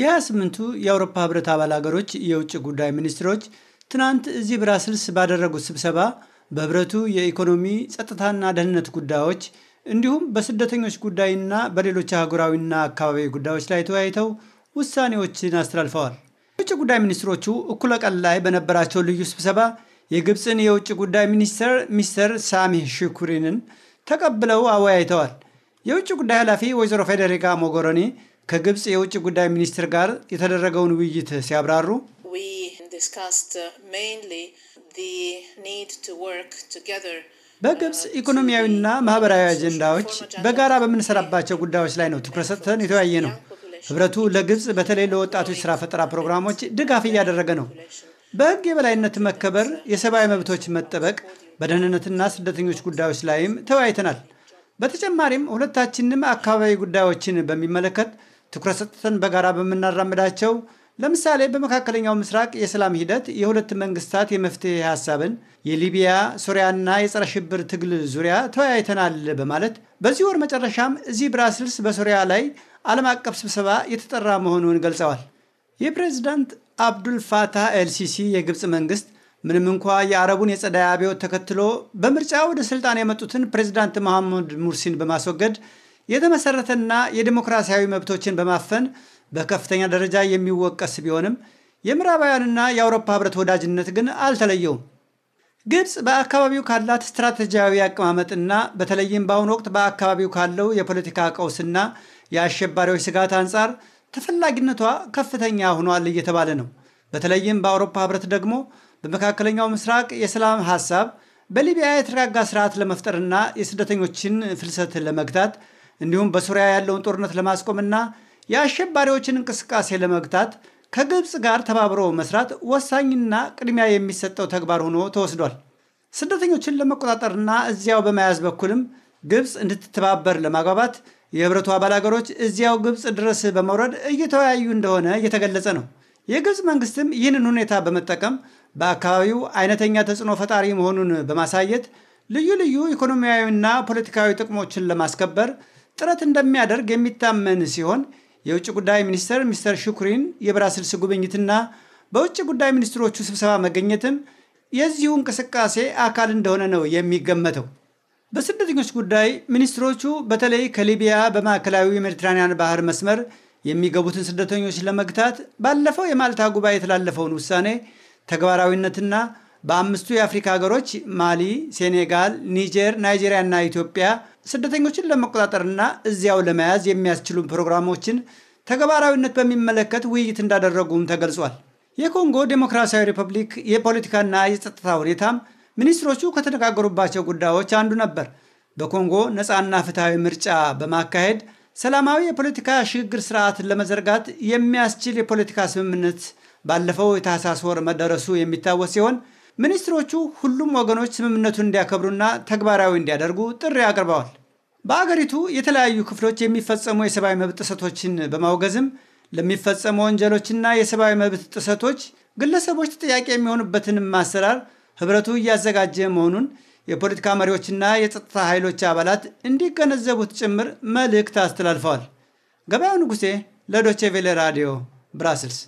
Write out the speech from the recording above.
የ 28 ስምንቱ የአውሮፓ ህብረት አባል አገሮች የውጭ ጉዳይ ሚኒስትሮች ትናንት እዚህ ብራስልስ ባደረጉት ስብሰባ በህብረቱ የኢኮኖሚ ጸጥታና ደህንነት ጉዳዮች እንዲሁም በስደተኞች ጉዳይና በሌሎች አህጉራዊና አካባቢ ጉዳዮች ላይ ተወያይተው ውሳኔዎችን አስተላልፈዋል። የውጭ ጉዳይ ሚኒስትሮቹ እኩለ ቀን ላይ በነበራቸው ልዩ ስብሰባ የግብፅን የውጭ ጉዳይ ሚኒስትር ሚስተር ሳሚህ ሽኩሪንን ተቀብለው አወያይተዋል። የውጭ ጉዳይ ኃላፊ ወይዘሮ ፌዴሪካ ሞጎሮኒ ከግብፅ የውጭ ጉዳይ ሚኒስትር ጋር የተደረገውን ውይይት ሲያብራሩ በግብፅ uh, ኢኮኖሚያዊና ማህበራዊ አጀንዳዎች በጋራ በምንሰራባቸው ጉዳዮች ላይ ነው ትኩረት ሰጥተን የተወያየ ነው። ህብረቱ ለግብፅ በተለይ ለወጣቶች ስራ ፈጠራ ፕሮግራሞች ድጋፍ እያደረገ ነው። በህግ የበላይነት መከበር፣ የሰብአዊ መብቶች መጠበቅ፣ በደህንነትና ስደተኞች ጉዳዮች ላይም ተወያይተናል። በተጨማሪም ሁለታችንም አካባቢ ጉዳዮችን በሚመለከት ትኩረት ሰጥተን በጋራ በምናራምዳቸው ለምሳሌ በመካከለኛው ምስራቅ የሰላም ሂደት የሁለት መንግስታት የመፍትሄ ሀሳብን፣ የሊቢያ ሱሪያና የጸረ ሽብር ትግል ዙሪያ ተወያይተናል በማለት በዚህ ወር መጨረሻም እዚህ ብራስልስ በሱሪያ ላይ ዓለም አቀፍ ስብሰባ የተጠራ መሆኑን ገልጸዋል። የፕሬዚዳንት አብዱል ፋታህ ኤልሲሲ የግብፅ መንግስት ምንም እንኳ የአረቡን የጸደይ አብዮት ተከትሎ በምርጫ ወደ ስልጣን የመጡትን ፕሬዝዳንት መሐመድ ሙርሲን በማስወገድ የተመሰረተና የዲሞክራሲያዊ መብቶችን በማፈን በከፍተኛ ደረጃ የሚወቀስ ቢሆንም የምዕራባውያንና የአውሮፓ ህብረት ወዳጅነት ግን አልተለየውም። ግብፅ በአካባቢው ካላት ስትራቴጂያዊ አቀማመጥና በተለይም በአሁኑ ወቅት በአካባቢው ካለው የፖለቲካ ቀውስና የአሸባሪዎች ስጋት አንጻር ተፈላጊነቷ ከፍተኛ ሆኗል እየተባለ ነው። በተለይም በአውሮፓ ህብረት ደግሞ በመካከለኛው ምስራቅ የሰላም ሀሳብ በሊቢያ የተረጋጋ ስርዓት ለመፍጠርና የስደተኞችን ፍልሰት ለመግታት እንዲሁም በሱሪያ ያለውን ጦርነት ለማስቆምና የአሸባሪዎችን እንቅስቃሴ ለመግታት ከግብፅ ጋር ተባብሮ መስራት ወሳኝና ቅድሚያ የሚሰጠው ተግባር ሆኖ ተወስዷል። ስደተኞችን ለመቆጣጠርና እዚያው በመያዝ በኩልም ግብፅ እንድትተባበር ለማግባባት የህብረቱ አባል አገሮች እዚያው ግብፅ ድረስ በመውረድ እየተወያዩ እንደሆነ እየተገለጸ ነው። የግብፅ መንግስትም ይህንን ሁኔታ በመጠቀም በአካባቢው አይነተኛ ተጽዕኖ ፈጣሪ መሆኑን በማሳየት ልዩ ልዩ ኢኮኖሚያዊና ፖለቲካዊ ጥቅሞችን ለማስከበር ጥረት እንደሚያደርግ የሚታመን ሲሆን የውጭ ጉዳይ ሚኒስትር ሚስተር ሹክሪን የብራስልስ ጉብኝትና በውጭ ጉዳይ ሚኒስትሮቹ ስብሰባ መገኘትም የዚሁ እንቅስቃሴ አካል እንደሆነ ነው የሚገመተው። በስደተኞች ጉዳይ ሚኒስትሮቹ በተለይ ከሊቢያ በማዕከላዊ ሜዲትራንያን ባህር መስመር የሚገቡትን ስደተኞች ለመግታት ባለፈው የማልታ ጉባኤ የተላለፈውን ውሳኔ ተግባራዊነትና በአምስቱ የአፍሪካ ሀገሮች ማሊ፣ ሴኔጋል፣ ኒጀር፣ ናይጄሪያ እና ኢትዮጵያ ስደተኞችን ለመቆጣጠርና እዚያው ለመያዝ የሚያስችሉ ፕሮግራሞችን ተግባራዊነት በሚመለከት ውይይት እንዳደረጉም ተገልጿል። የኮንጎ ዴሞክራሲያዊ ሪፐብሊክ የፖለቲካና የጸጥታ ሁኔታም ሚኒስትሮቹ ከተነጋገሩባቸው ጉዳዮች አንዱ ነበር። በኮንጎ ነፃና ፍትሐዊ ምርጫ በማካሄድ ሰላማዊ የፖለቲካ ሽግግር ስርዓትን ለመዘርጋት የሚያስችል የፖለቲካ ስምምነት ባለፈው የታህሳስ ወር መደረሱ የሚታወስ ሲሆን ሚኒስትሮቹ ሁሉም ወገኖች ስምምነቱን እንዲያከብሩና ተግባራዊ እንዲያደርጉ ጥሪ አቅርበዋል። በአገሪቱ የተለያዩ ክፍሎች የሚፈጸሙ የሰብአዊ መብት ጥሰቶችን በማውገዝም ለሚፈጸሙ ወንጀሎችና የሰብአዊ መብት ጥሰቶች ግለሰቦች ተጠያቂ የሚሆኑበትንም ማሰራር ህብረቱ እያዘጋጀ መሆኑን የፖለቲካ መሪዎችና የጸጥታ ኃይሎች አባላት እንዲገነዘቡት ጭምር መልእክት አስተላልፈዋል። ገበያው ንጉሴ ለዶቼ ቬሌ ራዲዮ ብራስልስ